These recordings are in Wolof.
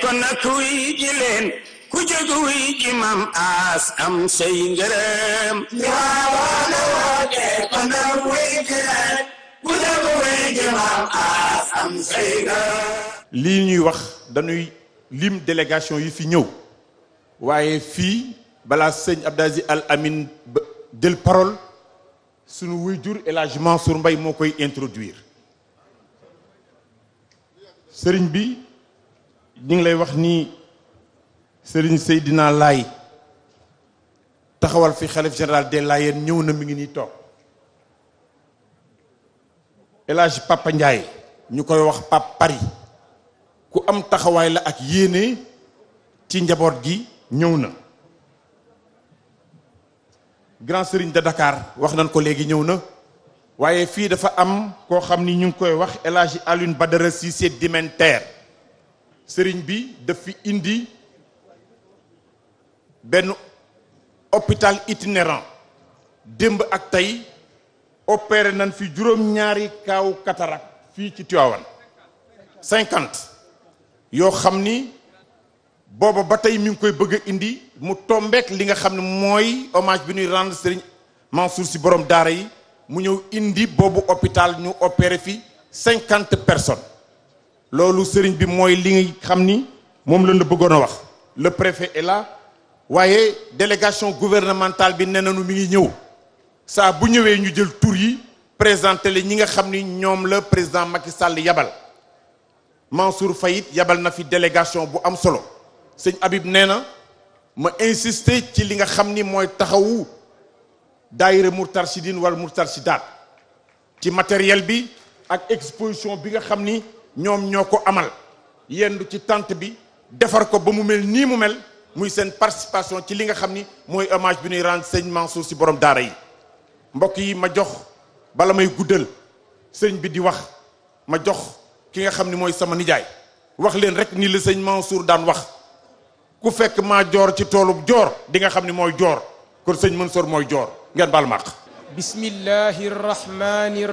kon nag wuy ji ku jóg wuy ji aas am say ngërëm ñaawoon lii ñuy wax dañuy lim délégation yi fi ñëw waaye fii bala sëñ Abdou Al Amine jël parole sunu waajur El Hadj Mansour Mbaye moo koy introduire sëriñ bi ñu ngi lay wax nii Serigne Seydina lay taxawal fi xalif général des Layènes ñëw na mi ngi nii toog El Hadj ñu koy wax Pape Paris ku am taxawaay la ak yéene ci njaboot gi ñëw na Grand Serigne de dakaar wax nañ ko léegi ñëw na waaye fii dafa am koo xam ni ñu ngi koy wax El Hadj Alioune Badara Cissé Dimenter sëriñ bi daf fi indi benn hôpital itinérant démb ak tey opéré nañ fi juróom-ñaari kaaw katarak fii ci Tivaouane cinquante yoo xam ni booba ba tey mi ngi koy bëgg indi mu tombeek li nga xam ne mooy hommage bi ñuy rendre sëriñ Mansour si borom daara yi mu ñëw indi boobu hôpital ñu opéré fi cinquante personnes loolu sëriñ bi mooy li nga xam ni moom la ñu bëggoon a wax le préfet est là waaye délégation gouvernementale bi nee nañu mi ngi ñëw saa bu ñëwee ñu jël tur yi présenté le ñi nga xam ni ñoom la président Macky Sall yabal Mansour Faye it yabal na fi délégation bu am solo sëñ Habib nee na ma insister ci li nga xam ni mooy taxawu daayira Moustarchidine wala Moustarchidaat ci matériel bi ak exposition bi nga xam ni ñoom ñoo ko amal yendu ci tente bi defar ko ba mu mel nii mu mel muy seen participation ci li nga xam ni mooy hommage bi ñuy rendre sëñ Mansour si borom daara yi mbokk yi ma jox bala may guddal sëñ bi di wax ma jox ki nga xam ni mooy sama nijaay wax leen rek ni la sëñ Mansour daan wax ku fekk maa joor ci toolu joor di nga xam ni mooy joor kon sëñ mën sor mooy joor ngeen baal ma àq bismillahi rahmani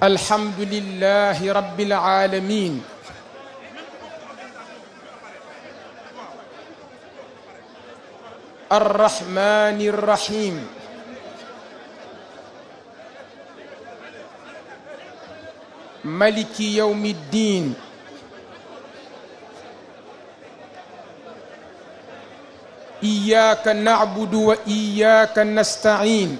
alhamdulillahi rabbil aalamiin الرحمن الرحيم ملك يوم الدين إياك نعبد وإياك نستعين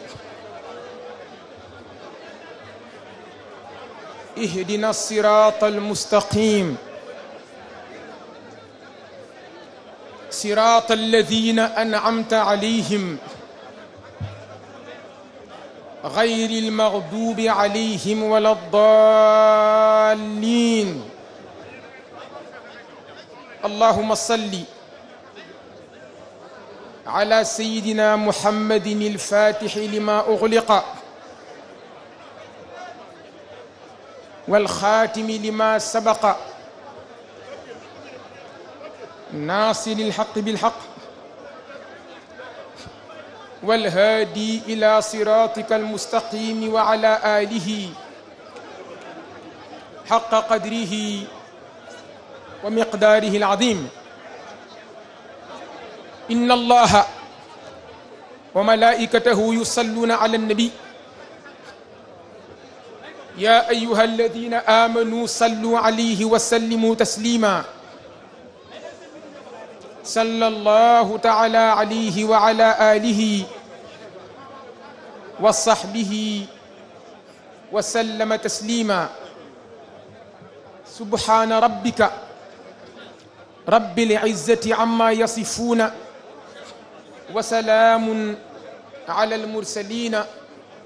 اهدنا الصراط المستقيم صراط الذين أنعمت عليهم غير المغضوب عليهم ولا الضالين اللهم صل على سيدنا محمد الفاتح لما أغلق والخاتم لما سبق ناصر الحق بالحق والهادي إلى صراطك المستقيم وعلى آله حق قدره ومقداره العظيم إن الله وملائكته يصلون على النبي يا أيها الذين آمنوا صلوا عليه وسلموا تسليما صلى الله تعالى عليه وعلى آله وصحبه وسلم تسليما سبحان ربك رب العزة عما يصفون وسلام على المرسلين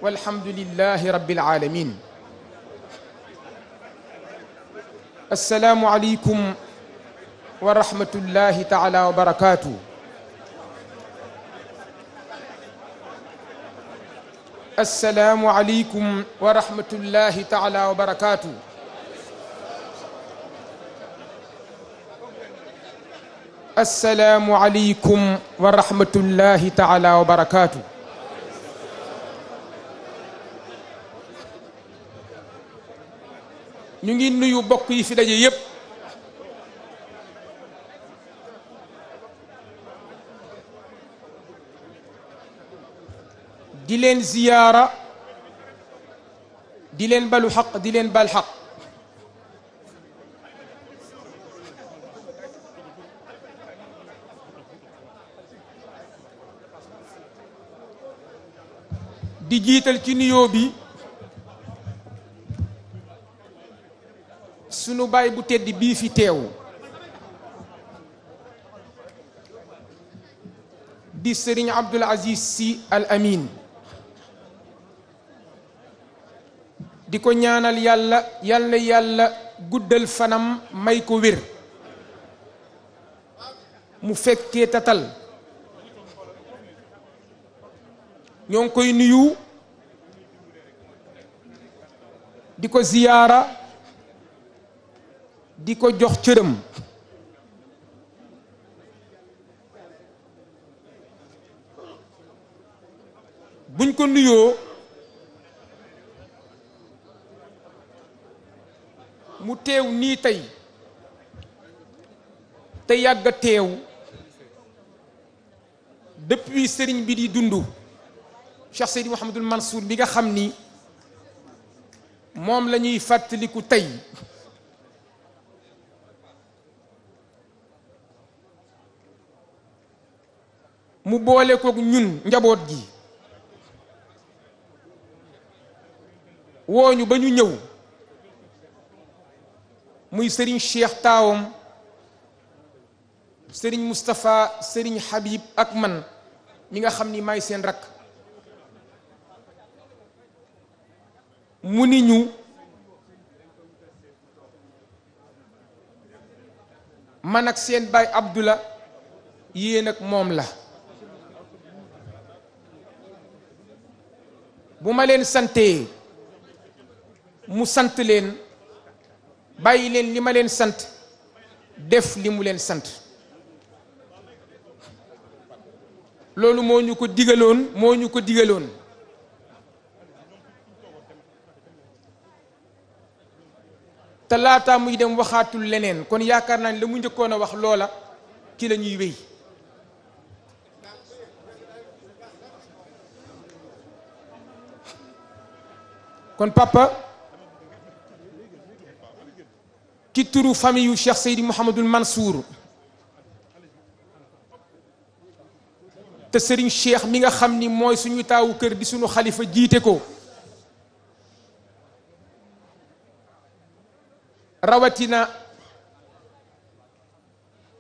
والحمد لله رب العالمين asalaamualeykum wa rahmatullahi taala wa barakaatu. asalaamualeykum wa rahmatullahi taala wa barakaatu. asalaamualeykum wa rahmatullahi taala wa barakaatu. ñu ngi nuyu bokk yi fi daje yépp di leen ziyaara di leen balu xaq di leen bal xaq di jiital ci nuyoo bi sunu baay bu tedd bii fi teew di sëriñ Abdul Aziz Sy Al di ko ñaanal yàlla yàlla yàlla guddal fanam may ko wér mu fekkee tatal ñoo koy nuyu di ko ziyaara di ko jox cëram buñ ko nuyoo mu teew nii tey te yàgg a dëpp depuis sëriñ bi di dund Cheikh Seydi Mouhamadul Mansour bi nga xam ni moom lañuy fàttaliku tey mu boole kook ñun njaboot gi wooñu ba ñu ñëw muy sëriñ Cheikh taawam sëriñ Moustapha sëriñ Habib ak man mi nga xam ni maay seen rakk mu ni ñu man ak seen baay Abdula yéen ak moom la bu ma leen santee mu sant leen bàyyi leen li ma leen sant def li mu leen sant loolu moo ñu ko digaloon moo ñu ko digaloon te laataa muy dem waxaatul leneen kon yaakaar naa ne la mu njëkkoon a wax loola ci la ñuy wéy kon papa ci turu famille yu Cheikh Seydi Mouhamadul Mansour te sëriñ Cheikh mi nga xam ni mooy suñu taawu kër di suñu xalifa jiite ko rawatina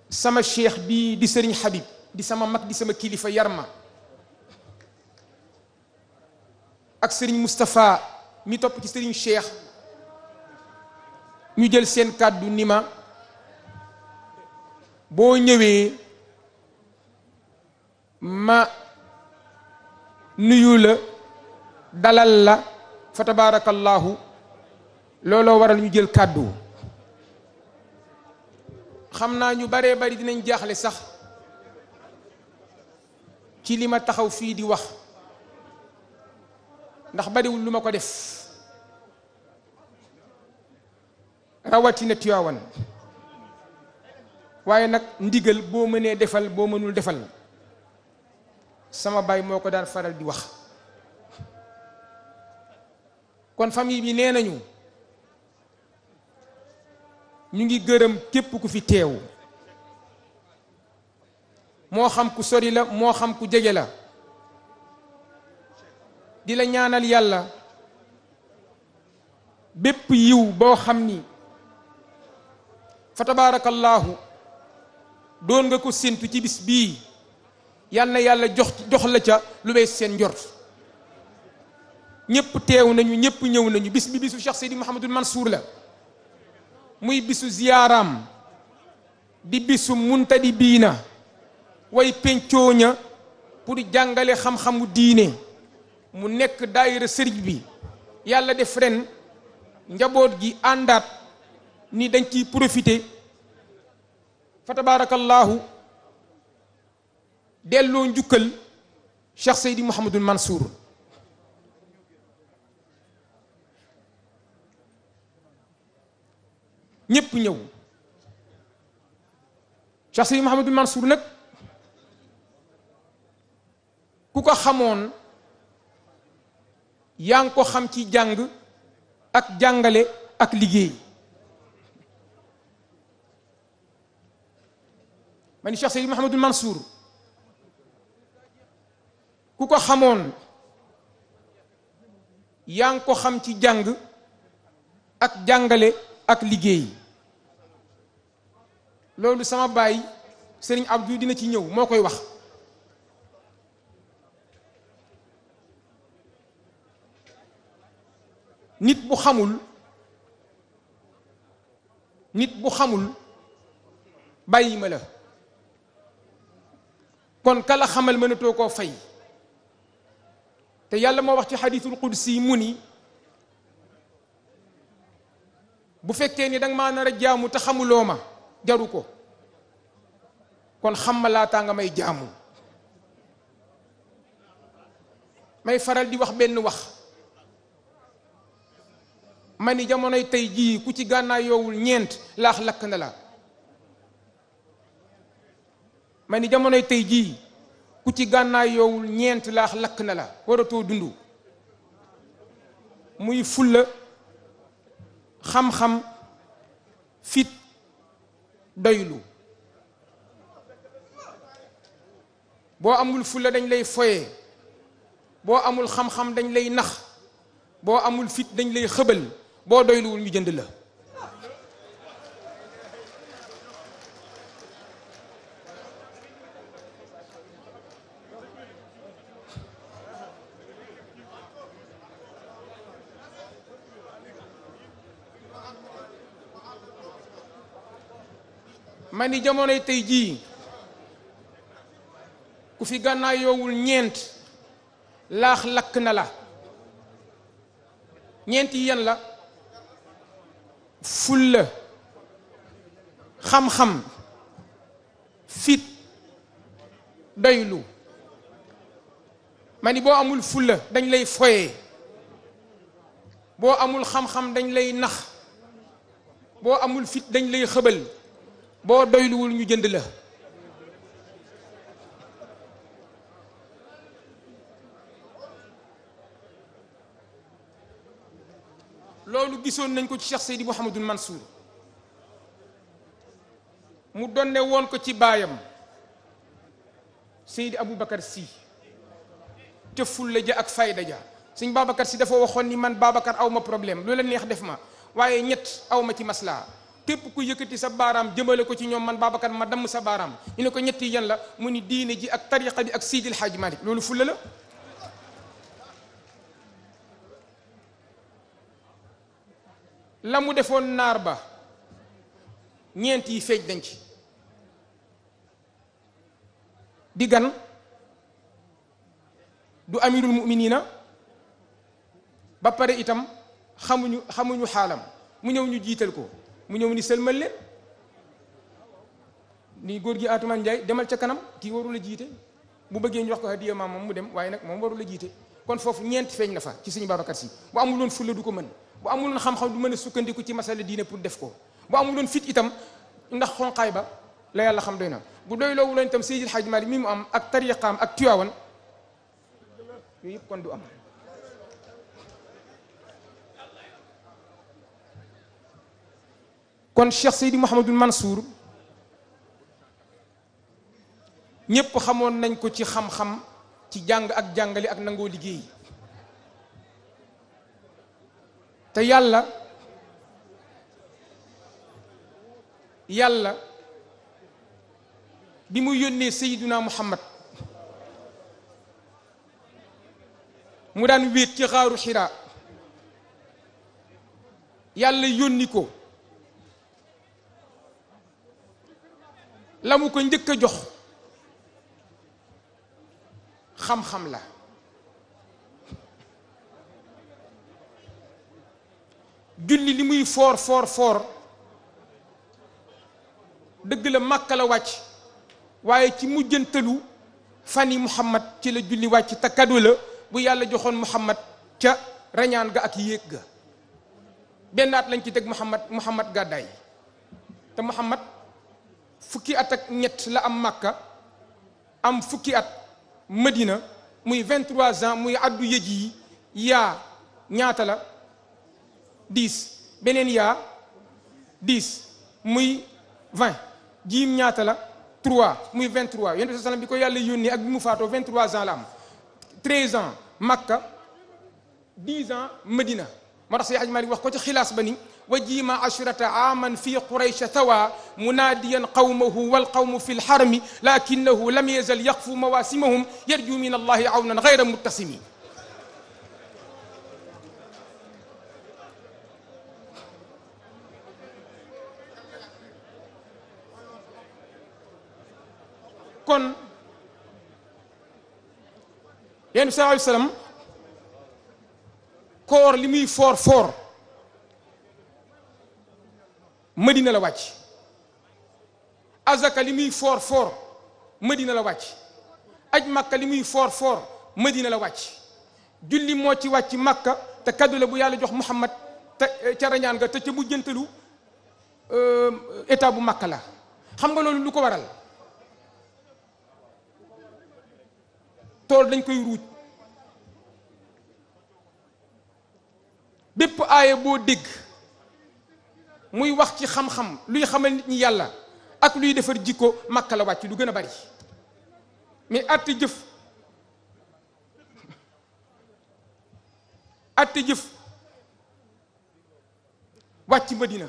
sama cheikh bii di Serigne Habib di sama mag di sama kilifa yarma ak Serigne Mustapha. mi topp ci sëriñ Cheikh ñu jël seen kàddu ni ma boo ñëwee ma nuyu la dalal la fa tabaarakallaahu looloo waral ñu jël kàddu xam naa ñu baree bari dinañ jaaxle sax ci li ma taxaw fii di wax ndax bariwul lu ma ko def rawatina Tiwaawan waaye nag ndigal boo mënee defal boo mënul defal sama baay moo ko daan faral di wax kon famille bi nee nañu ñu ngi gërëm képp ku fi teew moo xam ku sori la moo xam ku jege la di la ñaanal yàlla bépp yiw boo xam ni fa tabaarakallaahu doon nga ko séntu ci bis bii yal na yàlla jox jox la ca lu wees seen njort ñëpp teew nañu ñëpp ñëw nañu bis bi bisu Cheikh Seydi Mouhamadul Mansour la muy bisu ziyaaraam di bisu bii na way pencooña pour jàngale xam-xamu diine mu nekk daayira sëriñ bi yàlla def ren njaboot gi àndaat ni dañ ci profité fa tabaarakallaahu delloo njukkal Cheikh Seydi Mouhamadul Mansour ñépp ñëw Cheikh di Mouhamadul Mansour nag ku ko xamoon yaa ngi ko xam ci jàng ak jàngale ak liggéey ma ni Cheikh Seydi Mouhamadul Mansour ku ko xamoon yaa ngi ko xam ci jàng ak jàngale ak liggéey loolu sama baay Serigne Abdou dina ci ñëw moo koy wax nit bu xamul nit bu xamul bàyyi ma la kon kala xamal mënatoo koo fay te yàlla moo wax ci xadiisul qudsi mu ni bu fekkee ni danga ma nar a jaamu te xamuloo ma jaru ko kon xam ma laataa nga may jaamu may faral di wax benn wax ma ni jamonoy tey jii ku ci gànnaay yoowul ñeent laax lakk na la ma ni jamonoy tey jii ku ci gànnaay yoowul ñeent laax lakk na la waratoo dund muy fulla xam-xam fit doylu boo amul fulla dañ lay foye boo amul xam-xam dañ lay nax boo amul fit dañ lay xëbal boo doyluwul ñu jënd la ma ni jamonoy tey jii ku fi gànnaay yoowul ñeent laax lakk na la ñeenti yan la fulla xam-xam fit doylu ma ni boo amul fulla dañ lay foye boo amul xam-xam dañ lay nax boo amul fit dañ lay xëbal boo doyluwul ñu jënd la loolu gisoon nañ ko ci Cheikh Seydi Mouhamadul Mansour mu donne woon ko ci baayam abu Aboubacar si te la ja ak fayda ja sëñ Babacar si dafa waxoon ni man Babacar aw ma problème lu la neex def ma waaye ñett awma ci maslaa képp ku yëkkati sa baaraam jëmale ko ci ñoom man baabakat ma damm sa baaraam ñu ne ko ñetti yan la mu ni diine ji ak tariqa bi ak Seydi El Hadji Malick loolu fulla la la mu defoon naar ba ñeenti yi denc di gan du amirul muminina ba pare itam xamuñu xamuñu xaalam mu ñëw ñu jiital ko mu ñëw ni sëlmal leen ni góor gi Atoumane Ndiaye demal ca kanam kii waru la jiite bu bëggee njox wax ko hadiya maam moom mu dem waaye nag moom waru la jiite kon foofu ñeent feeñ na fa ci suñu Babacar Si bu amuloon fulla du ko mën bu amuloon xam-xam du mën a sukkandiku ci masala diine pour def ko bu amuloon fit itam ndax xonqaay ba la xam doy na bu doy loowu loon itam Seydil Hadji Malick mi mu am ak tariqaam ak Tiwaawan yooyu yëpp kon du am kon Cheikh Seydi Mouhamadul Mansour ñépp xamoon nañ ko ci xam-xam ci jàng ak jàngale ak nangoo liggéey te yàlla yàlla bi mu yónnee Seydina Muhammad mu daan wéet ci xaaru Xiraa yàlla yónni ko la mu ko njëkk a jox xam-xam la julli li muy foor foor foor dëgg la Màkka la wàcc waaye ci mujjantalu fan yi Muhammad ci la julli wàcc te kado la bu yàlla joxoon Muhammad ca rañaan ga ak yéeg ga benn at lañ ci teg Muhammad Muhammad gàddaay te Muhammad fukki at ak ñett la am makka am fukki at madina muy 23 ans muy addu yëj yi yaa ñaata la 10 beneen yaa 10 muy 20 jiim ñaata la 3 muy 23 yonent bi sallam bi ko yàlla yónnee ak bi mu faatoo 23 ans la am 13 ans makka 10 ans madina moo tax Seydi wax ko ci xilaas ba ni وجيم عشرة عاما في قريش ثوى مناديا قومه والقوم في الحرم لكنه لم يزل يقفو مواسمهم يرجو من الله عونا غير متسم kon yéen bi sallallahu alayhi wa sallam koor li muy foor foor Madina la wàcc azaka li muy foor foor Madina la wàcc aj Makka li muy foor foor Madina la wàcc julli moo ci wàcc Makka te kaddu la bu yàlla jox Muhammad te eh, ca rañaan nga te ca mujjantalu euh, état bu Makka la xam nga loolu lu ko waral tool dañ koy ruuj bépp aaye boo dégg muy wax ci xam-xam luy xamal nit ñi yàlla ak luy defar jikko makk la wàcc lu gën a bari mais àtte jëf àtte jëf wàcc madina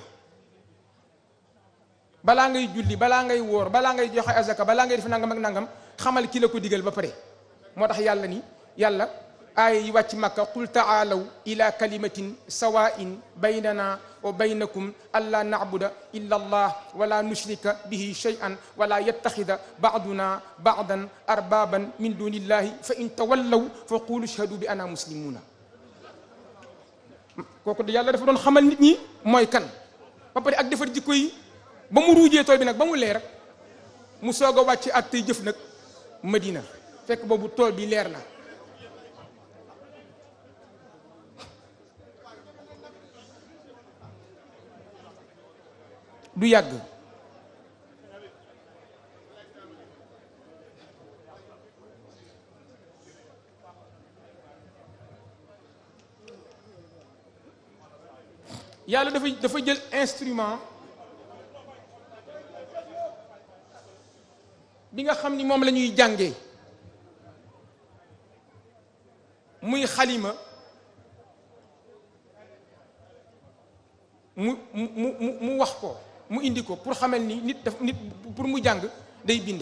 balaa ngay julli balaa ngay wóor balaa ngay joxe azaka balaa ngay def nangam ak nangam xamal ki la ko digal ba pare moo tax yàlla ni yàlla aaya wàcc makka qul taalaw ila kalimatin sawain baynana wa baynakum allaa nacbuda illa allah wala nushrika bihi shay'an wala yattaxida baaduna baadan arbaaban min duni illahi fa in tawallaw fa qulu ashhadu bi ana muslimuuna kooku de yàlla dafa doon xamal nit ñi mooy kan ba pare ak defar jikko yi ba mu ruujee tooy bi nag ba mu leer mu soog a wàcc ak tey jëf nag madina fekk boobu tool bi leer na du yàgg yàlla dafa dafa jël instrument bi nga xam ni moom lañuy jànge muy xalima mu mu mu mu wax ko mu indi ko pour xamal ni nit daf nit pour mu jàng day bind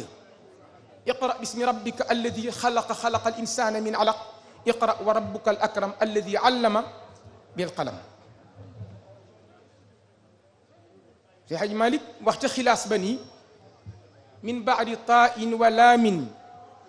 iqra bismi rabbika alladi xalaqa xalaqa al insana min alaq iqra wa rabbuka al akram alladi allama bil qalam si xaj malik wax ca xilaas ba nii min baadi tain wa laamin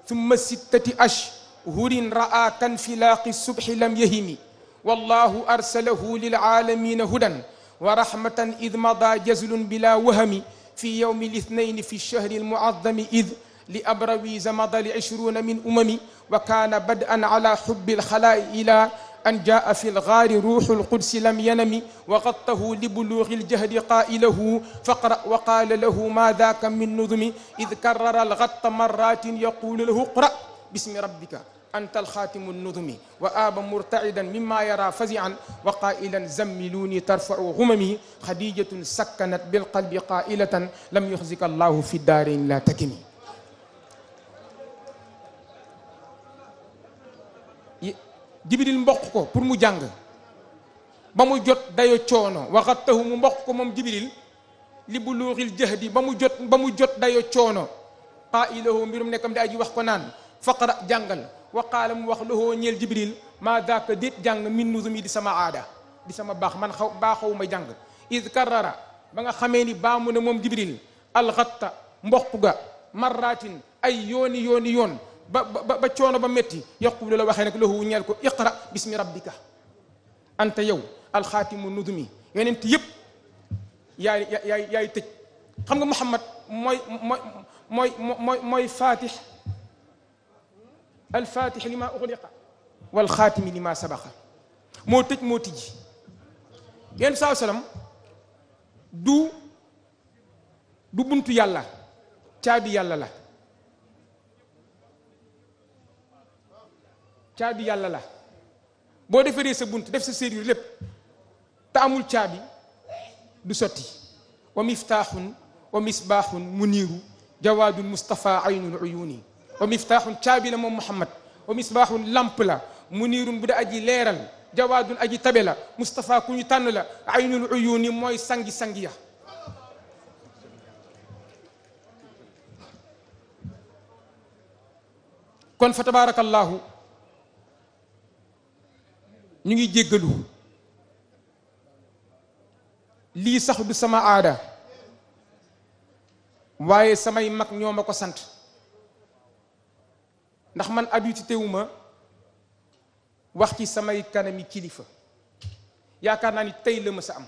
thumma sittati ashhurin raa kan filaaqi subhi lam yahimi wallahu arsalahu lil alamina hudan wa rahmatan id mada jazlun bila wahami fi yowmi lithnayni fi lchahri almuazami id li abrawiza mada li ishruna min umami wa kaana badan ala xubbi alxalaai ila an jaa fi lgaari ruuxu alqudsi lam yanami wa gattahu li buluugi aljahdi qaa'ilahu faqra wa qaala lahu ma daaka min nudumi id karrara algatta marratin yaqulu lahu qra bismi rabbika antal xaatimu nudumi wa aba murtaidan mimma yara fazian wa qailan zammiluuni tarfau humami xadijatun sakkanat bilqalbi qailatan lam yuxzika allahu fi daarin la takimi jibril mboq ko pour mu jàng ba mu jot dayo coono waxat tahu mu mboq ko moom jibril li buluuxil jahdi ba mu jot ba mu jot dayo coono qailahu mbirum nekkam di aji wax ko naan faqra jàngal wa qaala mu wax loxoo ñeel jibril maa daaka déet jàng min nuzumi di sama aada di sama baax man xaw baaxawu ma jàng id karrara ba nga xamee ni baa mu ne moom jibril alxatta mboq ga marratin ay yooni yooni yoon ba ba coono ba métti yaqulu la waxee nag loxu ñeel ko iqra bismi rabbika anta yow alxaatimu nuzumi yonent yëpp yaay yaay yaay tëj nga muhammad mooy mooy alfatixi li maa uxliqa wal xaatimi li moo tëj moo tijji yonent bi salaam du du buntu yàlla caabi yàlla la caabi yàlla la boo defaree sa bunt def sa serrure lépp te caabi du sotti wa miftaaxun wa misbaaxun muniiru jawaadul mustapha aynul uyuni wa miftaaxun caabi moom Muhammad wa misbaaxun lamp la muniirun bu da aji leeral jawaadun aji tabe la Moustapha ku aynul uyuuni mooy sangi-sangi ya kon fa tabaarakallaahu ñu ngi jéggalu lii sax du sama aada waaye samay mag ñoo ko sant ndax man habitué wu ma wax ci samay kanami kilifa yaakaar naa ni tey la ma am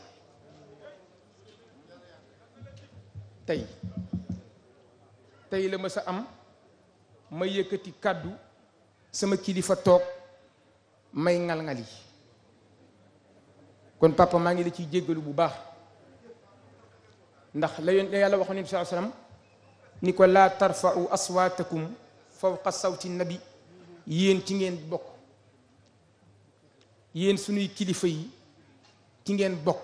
tey tey la ma am ma yëkkati kàddu sama kilifa toog may ngal-ngal kon papa maa ngi la ciy jéggalu bu baax ndax la yàlla waxoon nabi sallallahu alayhi wasallam ni ko laa tarfa'u aswaatakum fawqa sawti nabi yéen ci ngeen bokk yéen suñuy kilifa yi ci ngeen bokk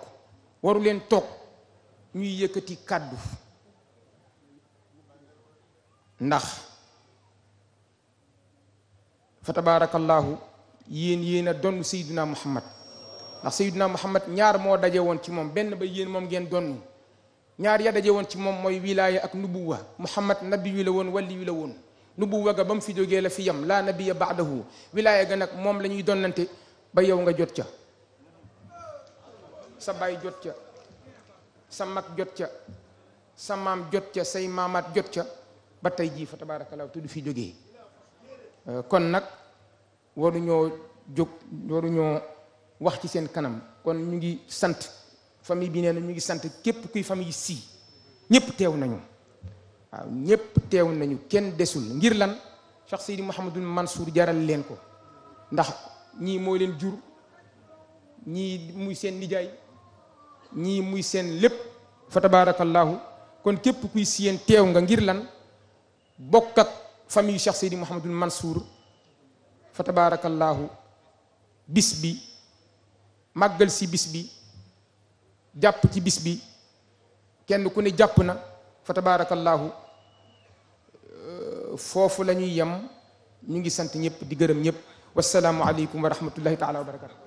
waru leen toog ñuy yëkkati kàddu ndax fa tabaarakallaahu yéen yéen a donn Seydina Muhammad ndax Seydina Muhammad ñaar moo daje woon ci moom benn ba yéen moom ngeen donn ñaar yaa daje woon ci moom mooy wilaaya ak nubuwa Muhammad nabi wi la woon wali wi la woon nu nubuwa ga ba mu fi jógee la fi yam laa nabiya baadahu wilaaya ga nag moom lañuy ñuy ba yow nga jot ca sa baay jot ca sa mag jot ca sa maam jot ca say maamaat jot ca ba tey jii fa tabaarakallaahu te du fi jógee euh, kon nag waruñoo jóg waruñoo wax ci seen kanam kon ñu ngi sant famille bi nee na ñu ngi sant képp kuy famille sii ñëpp teew nañu waaw ñépp teew nañu kenn desul ngir lan Cheikh Seydi Mouhamadul Mansour jaral leen ko ndax ñii moo leen jur ñii muy seen nijaay ñii muy seen lépp fa tabaarakallaahu kon képp kuy siyeen teew nga ngir lan bokkat ak famille Cheikh Seydi Mouhamadul Mansour fa tabaarakallaahu bis bi màggal si bis bi jàpp ci bis bi kenn ku ne jàpp na fa tabaarakallaahu foofu la ñuy yem ñu ngi sant ñëpp di gërëm ñëpp wasalaamualeykum wa rahmatullahi taala wa barakatu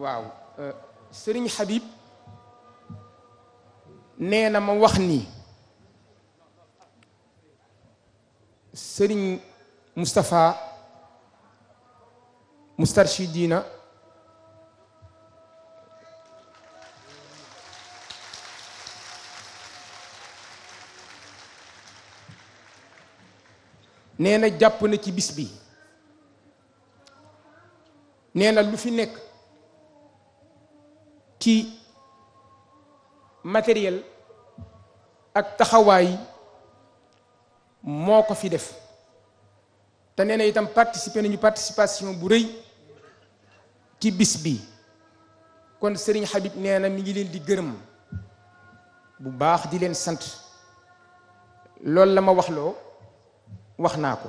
waaw euh, sëriñ Habib nee na ma wax ni sëriñ Moustapha Moustarchidina nee na jàpp na ci bis bi nee lu fi nekk ci matériel ak taxawaay moo ko fi def te nee na itam participer nañu participation bu rëy ci bis bi kon sëriñ Habib nee na mi ngi leen di gërëm bu baax di leen sant loolu la ma waxloo wax naa ko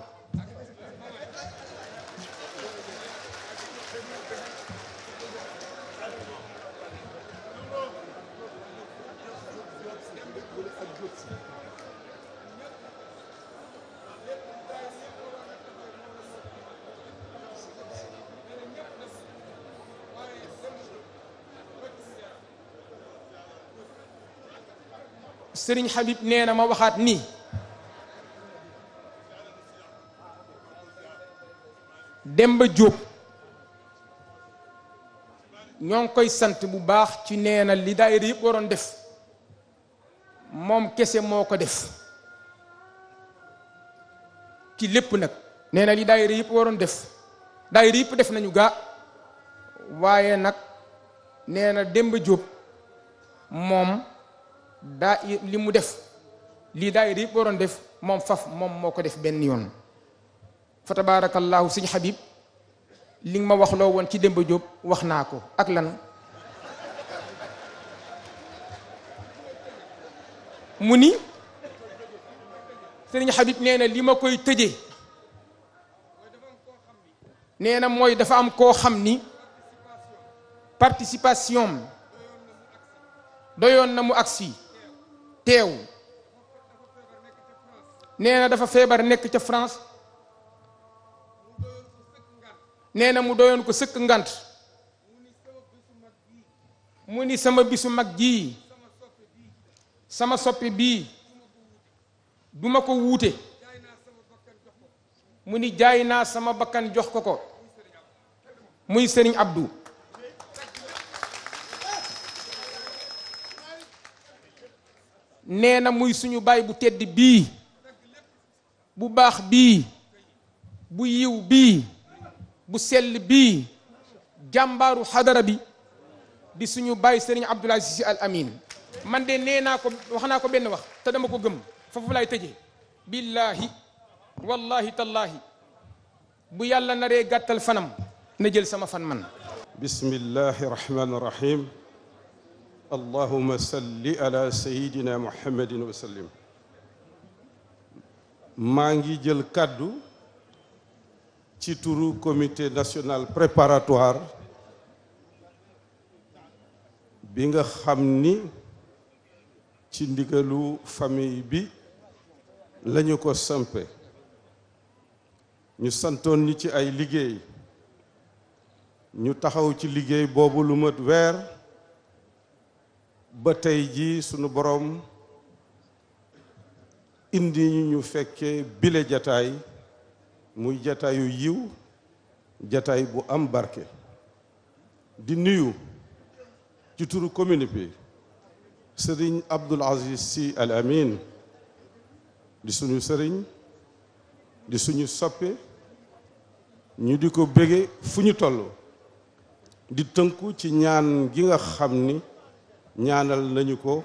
sëriñ Habib nee na ma waxaat nii Demba Diop ñoo ngi koy sant bu baax ci nee na li daayira yëpp waroon def moom kese moo ko def ci lépp nag nee na li daayira yëpp waroon def daayira yëpp def nañu gaa waaye nag neena na Demba Diop moom daa li mu def lii daayira yëpp waroon def moom faf moom moo ko def benn yoon fa tabaarakallaahu sëñ Habib li ma wax loo woon ci Demba Diop wax naa ko ak lan mu ni sëriñ Habib nee li ma koy tëje nee na mooy dafa am koo xam ni participation doyoon na mu agsi teew nee na dafa feebar nekk ca France nee na mu doyoon ko sëkk ngant mu ni sama bisu mag jii sama soppi bii duma ko wuute mu ni jaay naa sama bakkan jox ko ko muy sëriñ abdu nee na muy suñu baay bu tedd bii bu baax bii bu yiw bii bu sell bii jàmbaaru xadara bi di suñu baay sëriñ Abdoul Aziz Sy man de nee naa ko wax naa ko benn wax te dama ko gëm foofu laay tëjee billaahi wallahi tallaahi bu yàlla naree gàttal fanam na jël sama fan man bismillahi rahmaani rahim allahuma salli ala sayidina muhammadin wa maa ngi jël kàddu ci turu comité national préparatoire bi nga xam ni ci ndigalu famille bi lañu ko sampe ñu santoon ñi ci ay liggéey ñu taxaw ci liggéey boobu lu mat weer ba tey ji sunu boroom indi ñu ñu fekkee bile jataay muy jataayu yiw jataay bu am barke di nuyu ci turu commune bi sëriñ Abdul Aziz Sy Al Amin di suñu sëriñ di suñu soppe ñu di ko bége fu ñu toll di tënku ci ñaan gi nga xam ni ñaanal nañu ko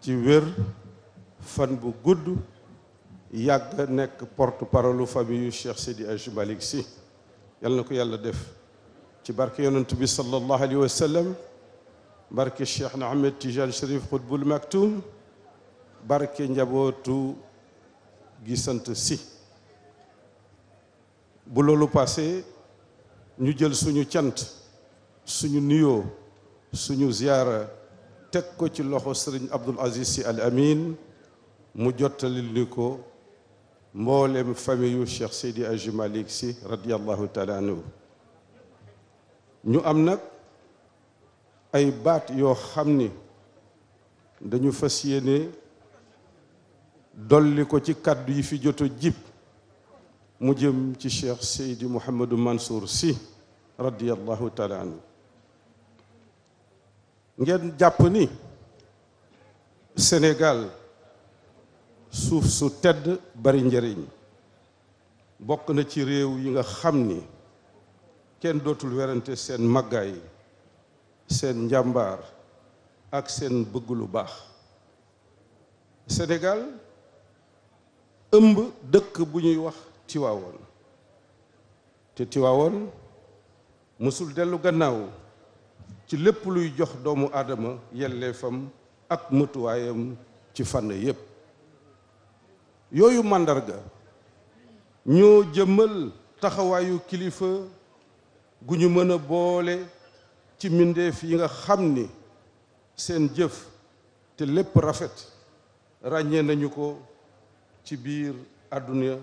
ci wér fan bu gudd yàgg nekk porte parole famille yu Cheikh Seydi Hadji Malick Sy na ko yàlla def ci barke yonent bi sallallahu alayhi wa sallam barke Cheikh na Ahmed Tijane Chérif Xutbul Maktum barke njabootu gi sant si bu loolu passé ñu jël suñu cant suñu nuyoo suñu ziyaara teg ko ci loxo sëriñ Abdul Aziz si Al Amin mu jottalil ko mboolem famille yu Cheikh Seydi Aji Malick si radiyallahu taala ñu am nag ay baat yoo xam ni dañu fas yéene dolli ko ci kàddu yi fi joto jib mu jëm ci Cheikh Seydi Mouhamadou Mansour Sy radiyallahu taala anhu ngeen jàpp ni Sénégal suuf su tedd bari njariñ bokk na ci réew yi nga xam ni kenn dootul werante seen màggaay seen njàmbaar ak seen bëgg lu baax senegaal ëmb dëkk bu ñuy wax Tiwaawoon te Tiwaawoon mësul dellu gannaaw ci lépp luy jox doomu aadama yelleefam ak mëtuwaayam ci fànn yépp yooyu màndarga ñoo jëmmal taxawaayu kilifa gu ñu mën a boole ci mbindeef yi nga xam ni seen jëf te lépp rafet ràññee nañu ko ci biir àdduna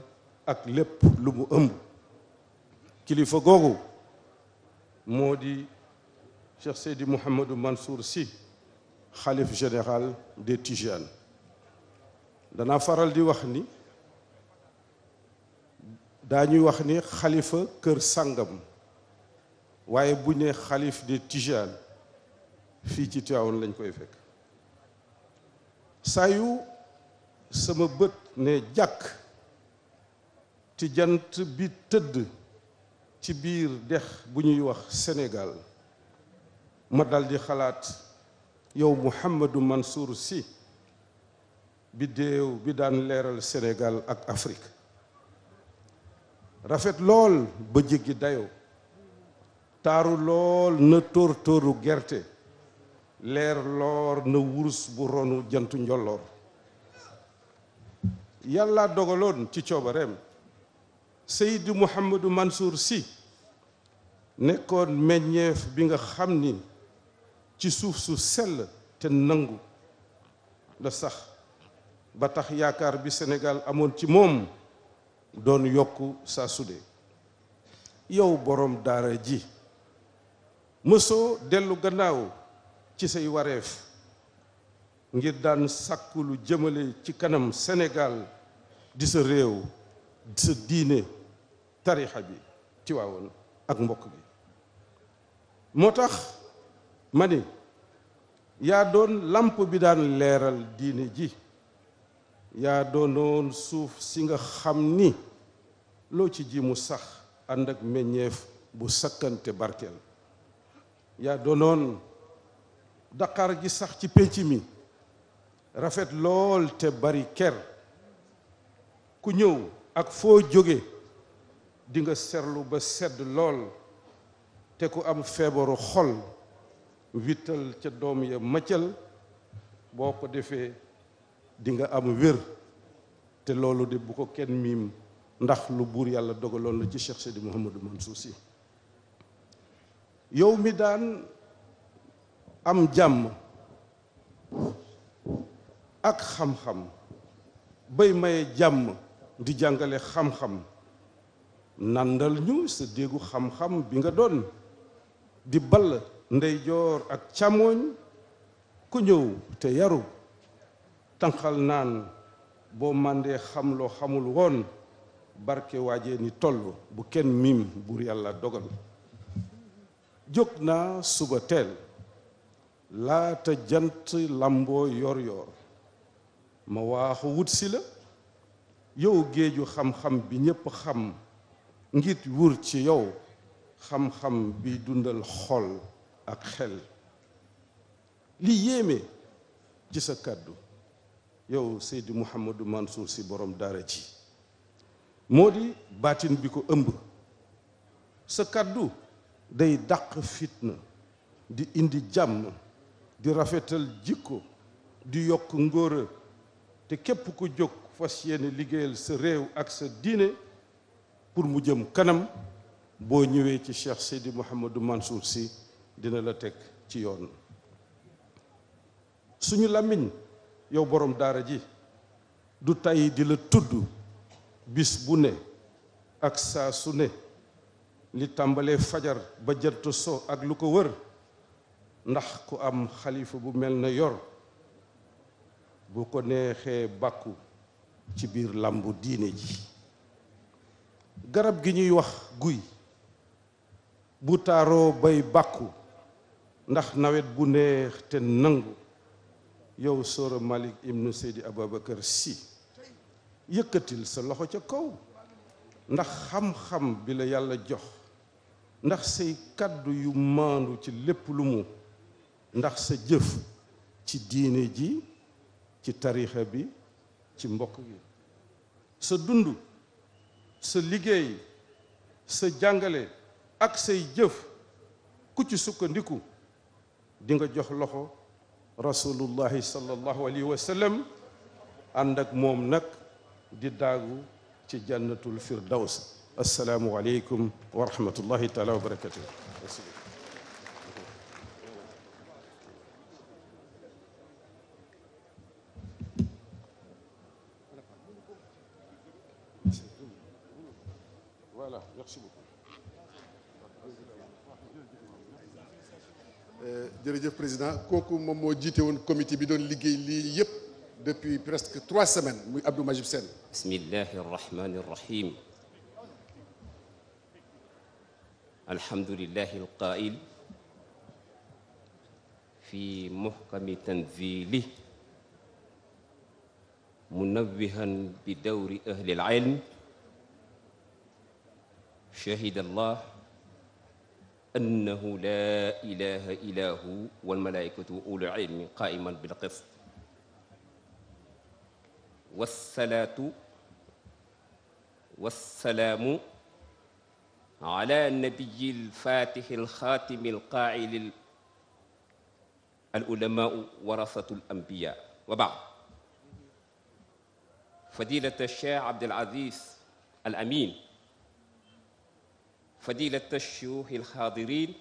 ak lépp lu mu ëmb kilifa googu moo di Cheikh Seydi Mouhamadou Mansour si xalif général des Tijanes danaa faral di wax ni daañuy wax ni xalifa kër sàngam waaye bu ne xalif des Tijanes fii ci Tivaouane lañ koy fekk sayu sama bët ne jàkk ci jant bi tëdd ci biir dex bu ñuy wax Sénégal ma daldi xalaat yow Mouhamadou Mansour si biddéew bi daan leeral Sénégal ak Afrique rafet lool ba jéggi dayo taaru lool na tóor tóoru gerte leer loor na wurus bu ronu jantu njolloor yàlla dogaloon ci coobareem Seydi Mouhamadou Mansour si nekkoon meññeef bi nga xam ni ci suuf su sell te nangu la sax ba tax yaakaar bi Sénégal amoon ci moom doon yokk saa sude yow boroom daara ji mësoo dellu gannaaw ci say wareef ngir daan sàkku lu jëmale ci kanam Sénégal di sa réew di sa diine tarixa bi ci Tiwaawan ak mbokk bi moo tax mani ni yaa doon làmp bi daan leeral diine ji yaa doonoon suuf si nga xam ni loo ci ji mu sax ànd ak meññeef bu sakkante barkeel yaa doonoon daqaar gi sax ci pénc mi rafet lool te bari ker ku ñëw ak foo jóge dinga nga ba sedd lool te ku am feebaru xol wittal ca doom ya maccal boo ko defee di nga am wér te loolu de bu ko kenn miim ndax lu buur yàlla dogaloon la ci Cheikh Seydi Mouhamadou Mansour Sy yow mi daan am jàmm ak xam-xam bay maye jàmm di jàngale xam-xam nandal ñu sa déggu xam-xam bi nga doon di ball ndeyjoor ak càmmoñ ku ñëw te yaru tànqal naan boo màndee xamloo xamul woon barke waajee ni toll bu kenn miim buur yàlla dogal jóg naa suba teel laata jant làmboo yor yor ma waaxu wut si la yow géeju xam-xam bi ñépp xam ngir wur ci yow xam-xam bi dundal xol ak xel li yéeme ci sa kàddu yow Seydi Mouhamadou Mansour si borom daara ji moo di baatin bi ko ëmb sa kàddu day dàq fitna di indi jàmm di rafetal jikko di yokk ngóora te képp ko jóg fas yéene liggéeyal sa réew ak sa diine pour mu jëm kanam boo ñëwee ci Cheikh Seydi Mouhamadou Mansour si dina la teg ci yoon suñu làmmiñ yow borom daara ji du tàyyi di la tudd bis bu ne ak saa su ne li tàmbalee fajar ba jant so ak lu ko wër ndax ku am xalifa bu mel na yor bu ko neexee bàkku ci biir làmbu diine ji garab gi ñuy wax guy bu taaroo bay bàkku ndax nawet bu neex te nangu yow sóora malik ibnu seydi ababakar si yëkkatil sa loxo ca kaw ndax xam-xam bi la yàlla jox ndax say kàddu yu maandu ci lépp lu mu ndax sa jëf ci diine ji ci tarixa bi ci mbokk gi sa dund sa liggéey sa jàngale ak say jëf ku ci sukkandiku di nga jox loxo rasulullahi sallallahu alayhi wa sallam ànd ak moom nag di daagu ci jannatul firdaws asalaamualeykum wa rahmatullahi taala wa barakatuh jërëjëf président kooku moom moo jiite woon comité bi doon liggéey lii yëpp depuis presque trois semaines muy Abdou Majib Sène bismillahi arrahmani arrahim alhamdulillahi alqail fi muhkami tanzilih munawwihan bi dawri ahli alilm shahida allah annahu laa ilaha illa hu walmalaikatu ulul ilmi qaiman bil qist wassalaatu wassalaamu ala nabiyi lfatixi alxaatimi alqaaili alulamaau warasatu alambiya wa baad fadilata cheikh abdulaziz al amin فضيلة الشيوخ الحاضرين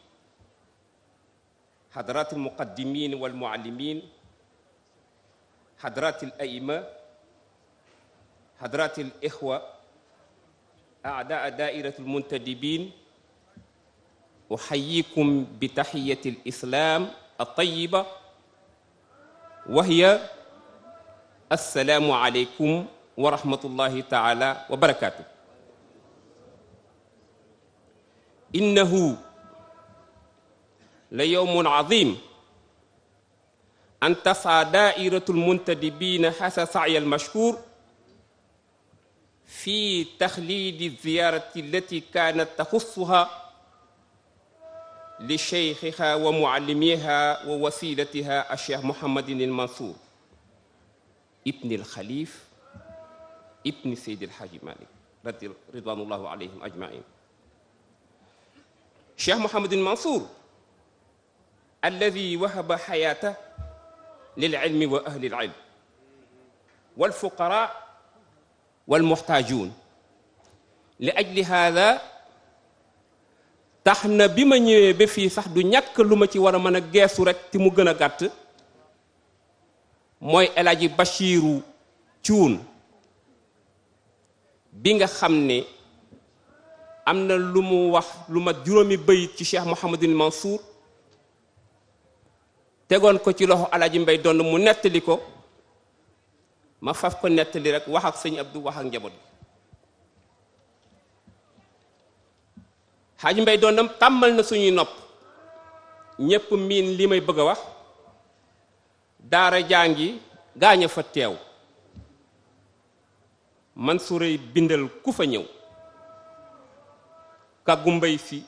حضرات المقدمين والمعلمين حضرات الأئمة حضرات الإخوة أعداء دائرة المنتدبين أحييكم بتحية الإسلام الطيبة وهي السلام عليكم ورحمة الله تعالى وبركاته innahu la yowmun azim an tasaa daairatu lmuntadibina xasa saaya almashkur fi taxlidi ziyarati allati kaanat taxussuha li cheikhiha wa muallimiha wa wasilatiha alcheikh mohammadin almansour ibni alxalif ibni seydi alxaaji malik radi ridwanullahu alayhim ajmain cheikh Mouhamadul Mansour alladi wahaba xayaata lil ilmi wa ahli l ilm wal fuqara wal muxtaajuun li ajli haada tax na bi ma ñëwee ba fii sax du ñàkk lu ma ci war a mën a geesu rek ti mu gën a gàtt mooy El Hadji Bachiru Cuun bi nga xam ne. am na lu mu wax lu mat juróomi bayit ci cheikh Mouhamadul Mansour tegoon ko ci loxo alaji mbay donn mu nettali ko ma fas ko nettali rek wax ak sëñ Abdou wax ak njaboot bi xaaji mbay dondam tàmmal na suñuy nopp ñépp miin li may bëgg a wax daara jaa ngi a fa teew Mansour ay bindal ku fa ñëw kàggu mbay fi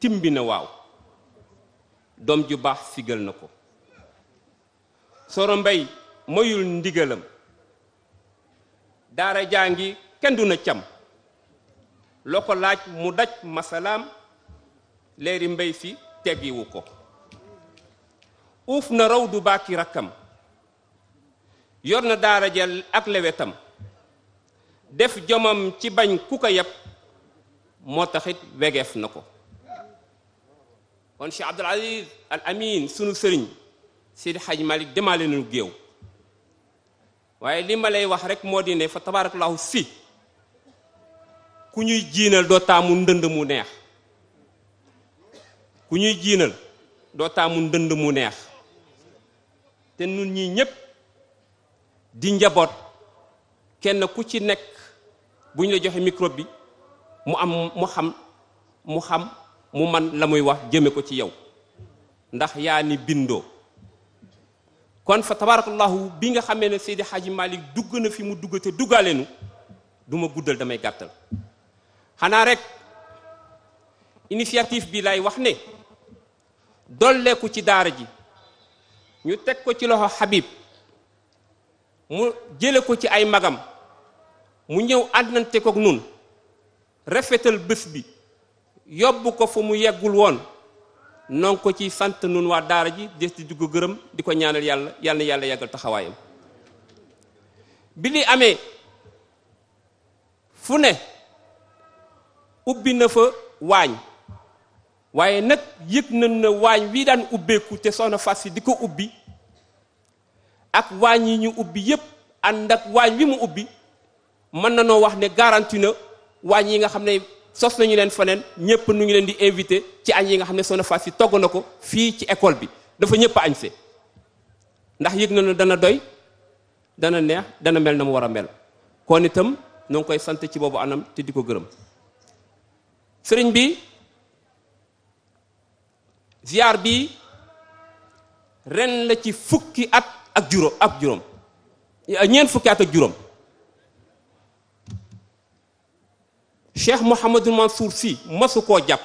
timbi na waaw doom ju baax sigal na ko soro mbay moyul ndigalam daara jaa ngi kenn du na cam loo laaj mu daj masalaam leeri mbay fi teggiwu ko uuf na raw du baaki rakkam yor na daara ja ak lewetam def jomam ci bañ ku ko yab moo taxit wegeef na ko kon Cheikh Abdul Aziz Al Amin sunu sëriñ Seydi Hadj Malick demaale nañu géew waaye li ma lay wax rek moo di ne fa tabarakallahu si ku ñuy jiinal doo taamu ndënd mu neex ku ñuy jiinal doo taamu ndënd mu neex te nun ñi ñépp di njaboot kenn ku ci nekk bu ñu la joxe microbe bi mu am mu xam mu xam mu man la muy wax jëme ko ci yow ndax yaa ni bindoo kon fa tabarakallahu bi nga xamee ne Seydi Hadji Malick dugg na fi mu dugg te duggaaleenu duma guddal damay gàttal xanaa rek initiative bi lay wax ne dolleeku ci daara ji ñu teg ko ci loxo xabib mu jële ko ci ay magam mu ñëw àndante kook nun rafetal bés bi yóbbu ko fu mu yeggul woon non ko ci sant nun waa daara ji des di dugg gërëm di ko ñaanal yàlla yàlla yàlla yàggal taxawaayam bi li amee fu ne ubbi na fa waañ waaye nag yëg nañ na waañ wi daan ubbeeku te soxna fas yi di ko ubbi ak waañ yi ñu ubbi yépp ànd ak waañ wi mu ubbi mën na noo wax ne garanti na waañ yi nga xam ne sos nañu leen feneen ñëpp nu ngi leen di invité ci añ yi nga xam ne Sonefas yi togg na ko fii ci école bi dafa ñëpp añ se ndax yëg na ne dana doy dana neex dana mel na mu war a mel kon itam ñoo ngi koy sant ci boobu anam te di ko gërëm sëriñ bi ziar bi ren la ci fukki at ak juróom ak juróom ñeent fukki at ak juróom Cheikh Mouhamadou Mansour Sy masu koo jàpp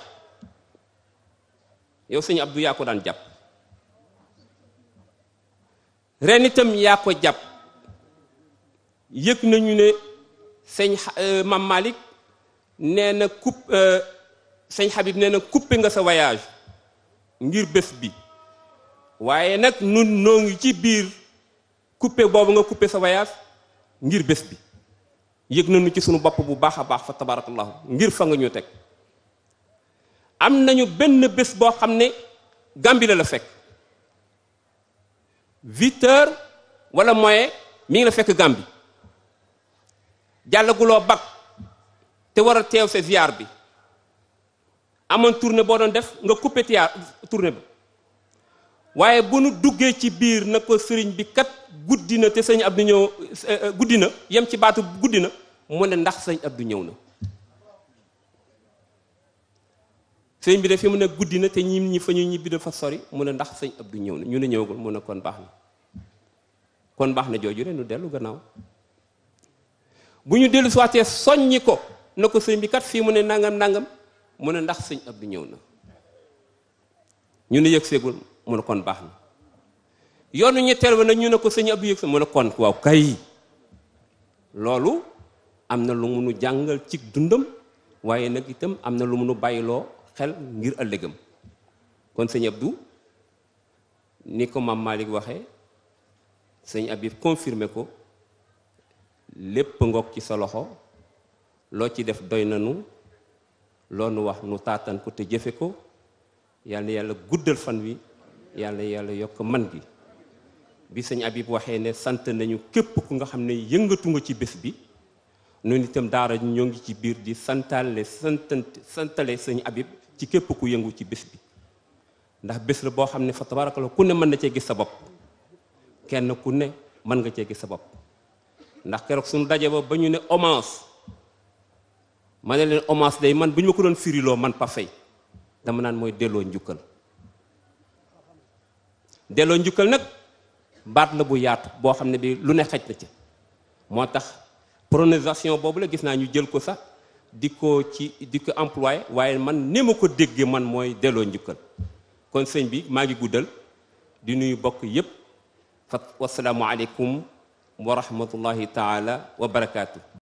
yow sëñ Abdou yaa ko daan jàpp ren itam yaa ko jàpp yëg nañu ne sëñ euh, Mam Malick nee na coup euh, sëñ Habib nee na kuppe nga sa voyage ngir bés bi waaye nag nun noo ngi ci biir coupé boobu nga coupé sa voyage ngir bés bi yëg nañu ci suñu bopp bu baax a baax fa tabarakallahu ngir fa nga ñu teg am nañu benn bés boo xam ne Gàmbi la la fekk huit heures wala moyen mi ngi la fekk Gàmbi jàllaguloo bag te war a teew sa ziar bi amoon tournée boo doon def nga coupé tiyaar tournée bi waaye bu nu duggee ci biir na ko sëriñ bi kat guddi na te sëñ Abdou ñëw eh, eh, guddi na yem ci baatu guddi na mu ne ndax sëñ Abdou ñëw na sëriñ bi de fi ne guddi na te ñi ñi fa ñibbi dafa sori mu ne ndax sëñ Abdou ñëw na ñu ne ñëwagul mu ne kon baax na kon baax na jooju de nu dellu gannaaw bu ñu dellu suwaatee soññi ko na ko sëriñ bi kat fii mu ne nangam nangam mu ne ndax sëñ Abdou ñëw na ñu ne yëg seegul mu kon baax na yoonu ñetteel wa nag ñu ne ko sëñ Abdou yëg mu ne kon waaw kay loolu am na lu mu jàngal ci dundam waaye nag itam am na lu munu bàyyiloo xel ngir ëllëgam kon sëñ Abdou ni ko maam Malick waxee sëñ Abib confirmé ko lépp ngoog ci sa loxo loo ci def doy nanu loo nu wax nu taatan ko te jëfe ko yal yàlla guddal fan wi yàlla yàlla yokk man gi bi sëñ Habib waxee ne sant nañu képp ku nga xam ne yëngatu nga ci bés bi noonu itam daara ñoo ngi ci biir di santale santante santale sëñ Habib ci képp ku yëngu ci bés bi ndax bés la boo xam ne fa tabaraka la ku ne mën na cee gis sa bopp kenn ku ne mën nga cee gis sa bopp ndax keroog suñu daje ba ba ñu ne hommage ma ne leen hommage day man bu ñu ma ko doon firiloo man pa dama naan mooy delloo njukkal delloo njukkal nag baat la bu yaatu boo xam ne bi lu ne xaj na ci moo tax prononciation boobu la gis naa ñu jël ko sax di ko ci di ko employé waaye man ni ma ko déggee man mooy delloo njukkal kon sëñ bi maa ngi guddal di nuyu bokk yépp fa wasalaamualeykum wa rahmatullahi taala wa barakaatu.